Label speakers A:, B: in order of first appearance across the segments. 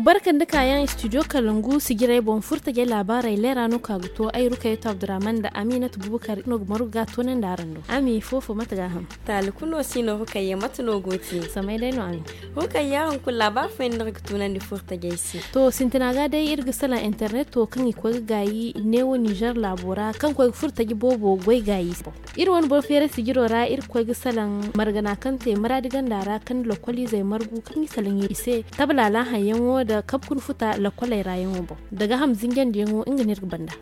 A: barkan da kayan studio kalungu su gira bon furta ge labarai lera no ka guto ai ruka tab draman da tu bubukar no maruga ga nan da rando ami fofo mata ga ham
B: talikuno sino huka ye mata no goti samai dai no ami huka ya han kula ba fa inda ka tunan di furta ge si
A: to sintina ga dai irga sala internet to kan ko gayi ne wo niger labora kan ko furta ge bobo goi gayi irwan bo fere su giro ra ir ko salan margana kan te maradigan ra kan lokoli zai margu kan salan ise la hayan wo da kap futa la kwalai rayuwa daga ham zingen de ngo inganir banda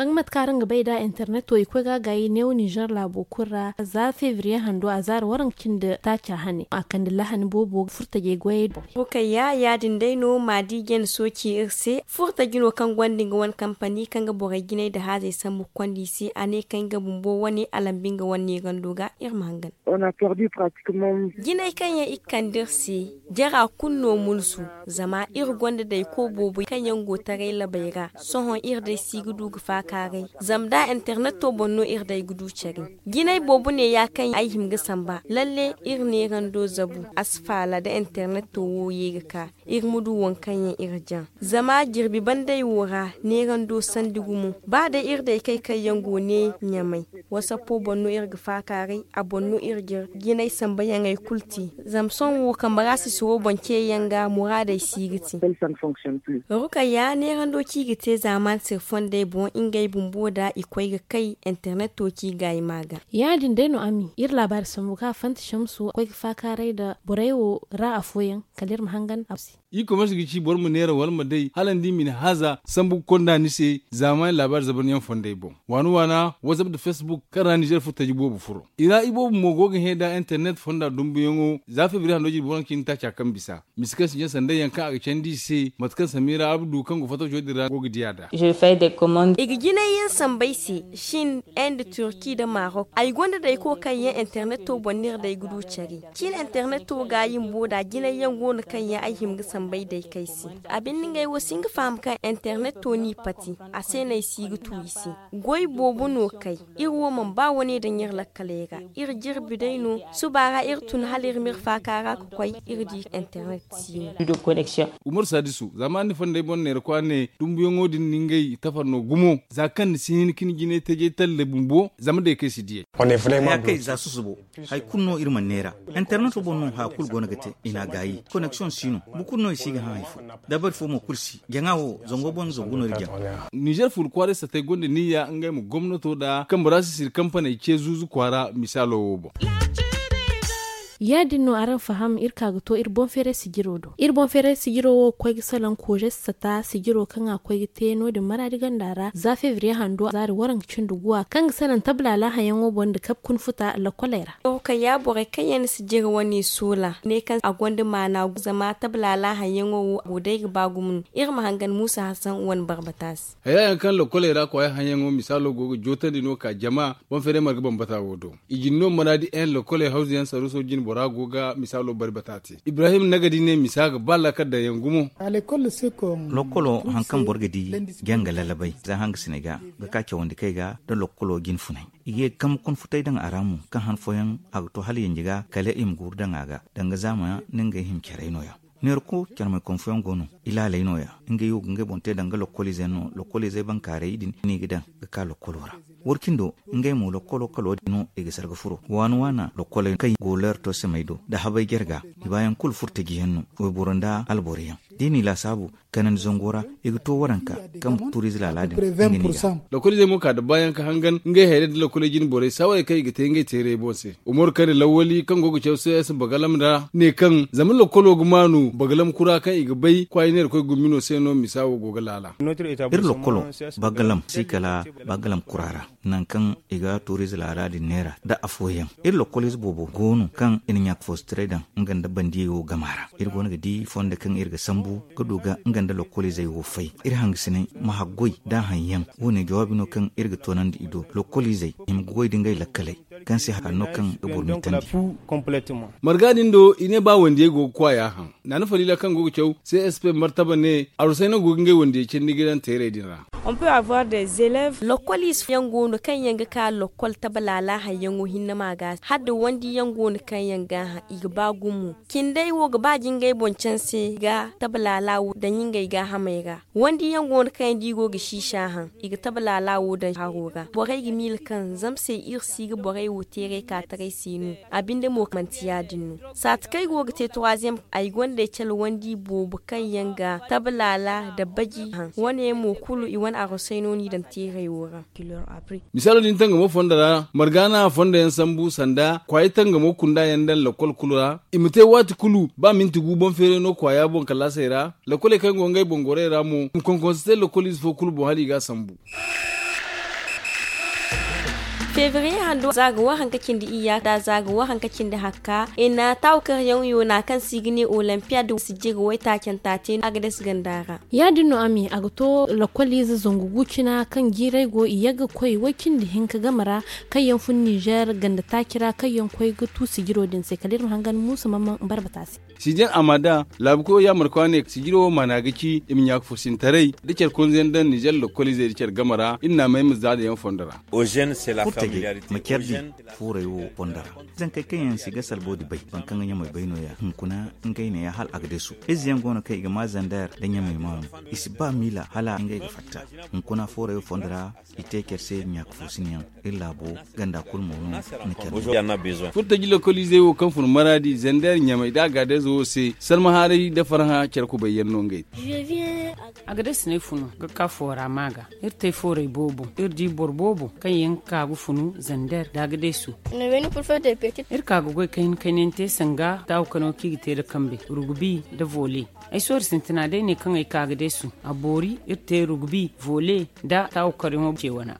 A: sangat karin bai da internet to ikwe gagayi ne wani nijar labo kura za fevriye hando a zara waran kin da ta ca hane a kan da lahani bobo furta ge gwaye
B: kai ya ya dai no ma so soki irse furta gino kan gwandin ga wani kamfani kan ga bore gine da ha zai samu kwandi si a ne kan ga bumbo wani alambin ga wani gan ga irma hangan on a perdu pratiquement gine kan ya ikkan dirse jara kunno mulsu zama ir gwanda dai ko bobo kan yango tare labaira sohon ir dai sigudu ga kagai zamda internet to bonno irday gudu ceri ginai bobu ne ya kan ai himga samba lalle irne do zabu asfala da internet to woye mudu ka irmudu wankan irja zama jirbi bandai wora ne sandigu sandigumu ba da irda kai kai yango ne nyamai wasa po bonno irga fakari a bonno irga ginai samba yangai kulti zamson wo kamara su so bonke yanga murada sigiti ruka ya ne rando kigite zaman sirfon dai bon inga kai da ikwai ga kai internet toki ga maga Ya dai no ami
A: ir labar samu ka fanta shamsu akwai fakarai da buraiwo ra a foyan kalir mahangan
B: apsi
C: i kuma su gici bor mu nera wal ma dai halan di min haza sambu konda ni se zaman labar zaban yan fonde bon wanu wana wasu da facebook kara ni jer futa jibo furo. ira ibo mo goga heda internet fonda dumbu yango zafi bi hando jibo ran kin ta kan bisa miskan su yan sanda yanka a can di se matkan samira abdu kan go fato jodira goga diada je fais des commandes
B: ginayen sambaisi shin yan da turki da marok ay gonda dai ko kan yan internet to bonir dai gudu cari kin internet to ga yin boda ginayen gona kan ya ai ga sambai dai kai si abin yi wasu sing fam kan internet to ni pati a sai nai si gutu isi goyi bobo no kai iri woman ba wani dan yir lakkalega iri jirbi dai no su bara iri tun halir mir kara ku kai iri di internet si
C: umar sadisu zamani fande bonner kwane dumbuyo ngodin ningai no gumo za kan sinin kin gine ta je talle bumbo zama da kai si diye ya kai za su
D: subo hay kunno irman nera internet bo non ha kul gona gate ina gayi connection sino bu kunno si ga ha ifu
C: dabar fo mo kursi Gengawo zongo bon zongo no rigya niger ful kware sa te gonde niya ngai mu gwamnato da kan barasi sir kamfana ke zuzu kwara misalo bo
A: yadinno aran faham irkaga to ir bonfere sigiro do ir bonfere sigiro wo koygi salan koje sata sigiro kanga koygi teno de maradi gandara za fevrier hando zari waran cindu guwa kanga salan tabla la hayan wo da kap kun futa la
B: kolera o ka ya bore yan sigiro wani sula ne kan agonde mana zama tabla la hayan wo gode ga bagumun ir mahangan musa hasan wan barbatas
C: hayan kan la kolera ko hayan wo misalo go jotandi no ka jama bonfere marga bambata wodo ijinno maradi en la kolera hausiyan saruso jin bora goga misalo bari batati ibrahim nagadi ne misaga balla kadda yangumo
D: lokolo hankan borgadi genga lalabai za hanga sinaga ga kake wanda kai ga da lokolo gin funai iye kam kun futai dan aramu kan han foyan agto hal yanjiga kale im gurdan aga danga zama ninga him kereno ya nerko kerma konfuyan gonu ila laino ya inge yugo nge bonte danga lokoli zeno lokoli zai bankare idin ni gidan ga ka lokolora workindo ngai mu lokolo kalo dino ga sarga furo wan wana le kai goler to maido da habai gerga ibayan kul furta gihennu o burunda alboriya dini la sabu kanan zongora ga to waranka kam turiz la lokko
C: le mu k'a da bayan ka hangan ngai hede da le jin bore sawai kai ge tengai tere bose umur kare lawali kan gogo chewse es bagalam da ne kan zaman lo gumanu bagalam kura kan ga bai kwainer ko gumino no misawo gogalala ir bagalam
D: sikala bagalam kurara nan kan iga turis lara di naira da afoyan ir kolis bobo gonu kan in nyak fostredan ngan da bandi yo gamara ir gonu di fonde kan ir ga sambu ga duga ngan da kolis ay wo fai ir hang sine ma hagoy da hanyan woni jawabi no kan ir ga tonan di ido kolis ay im goy ngay lakale. kan si no kan ga bur mitan
C: margadin do ine ba wande go kwaya han na na kan go cew sai sp martaba ne arusai na gogin wande wanda ya cin ni gidan tere dinra
B: on peut avoir des élèves lokol is yango no kan yanga ka lokol tabalala ha yango hinna maga hadda wandi yango no kan yanga ha igba gumu kindai wo gaba jingai boncan se ga tabalala da yingai ga hamaiga wandi yango no kan digo ga shisha han iga tabalala wo go ga bo gi mil kan zamse irsi ga borai wo tere ka tare nu abinde mo mantiya dinu sat kai go ga te troisième ay gonde chal wandi bo kan yanga tabalala da baji han wane mo kulu i wani aro sai dan tere yora.
C: misalo din tanga mo fonda da margana fonda yan sambu sanda kwai tanga mo kunda yan dan la kulura imute wati kulu ba minti gubon fere no kwaya bon kalasera, lokole la kole kan gongai bongore ramu kon kon ste fo kulu bo hali ga sambu
B: février hando zagawa hanka da iya da zagawa hanka da haka ina taukar yau na kan sigini olympiad su jiga wai taken tate agades gandara
A: ya dinu ami agto lakwali zu zungugu kina kan girai go ga koi wa da hinka gamara kayan fun niger ganda takira kayan koi gutu sigiro din sai kalir hangan musu mamman barbatasi
C: sijen amada labko ya markwane sigiro managaki imnya fusin tarai dicher kunzen dan nijar lokolize dicher gamara inna mai muzda da yan fondara ojen c'est la familiarité makerdi
D: furewo fondara zan kai kayan siga salbo da bai ban kan mai baino ya kuna in kai ne ya hal agdesu su eziyan gona kai ga mazandar dan ya mai mamu isba mila hala in ga fatta in kuna furewo fondara ite kerse nyak fusin yan bo ganda kulmo na kerdi
C: futta gilo kolize wo kan fun maradi zandar nyamai da ga da zo se salma hari da farha kyar ku bayyano ngai
A: agades ne funu ga ka fora maga ir te fora bobo ir di bor bobo kan yin ka gu funu zander da su
B: ne wani kurfa da petit
A: ir ka gu kan kanin te sanga ta kano ki te da kambe rugubi da vole ai sor sintina dai ne kan ai ka su a bori ir te rugubi vole da ta
C: karin kewana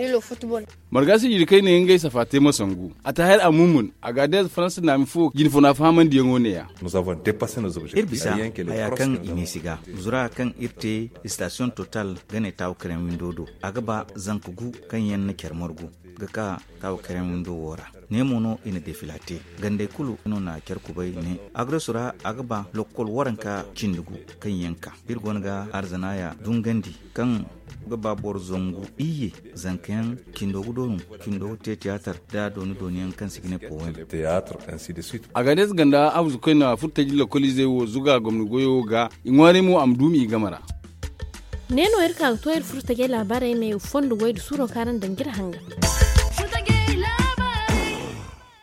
D: ilo football
C: margasi kai ne gaisa safate masangu a hayar amumun a gadez faransa na mifo ginfona faman diyan ne ya irbisa aya kan inisiga
D: zura kan irte station total gane ta kren windodo agaba zankugu kan yan na kermorgu ga ka kaw keremdu wora ne mono ina defilate gande kulu no na kyar kubai ne agresura agaba lokol waranka cindugu kan yanka irgonga arzanaya dungandi kan gaba bor zongu iye zankan kindogu donu kindo te theater da doni doni kan sigine
C: theater teatar si de suite agades ganda abzu na futta jilla kolize wo zuga gomnu goyo ga ingware mu amdumi gamara
A: neno irka toyir furta ge labarai
D: mai fondo goydu suro karan dangir hanga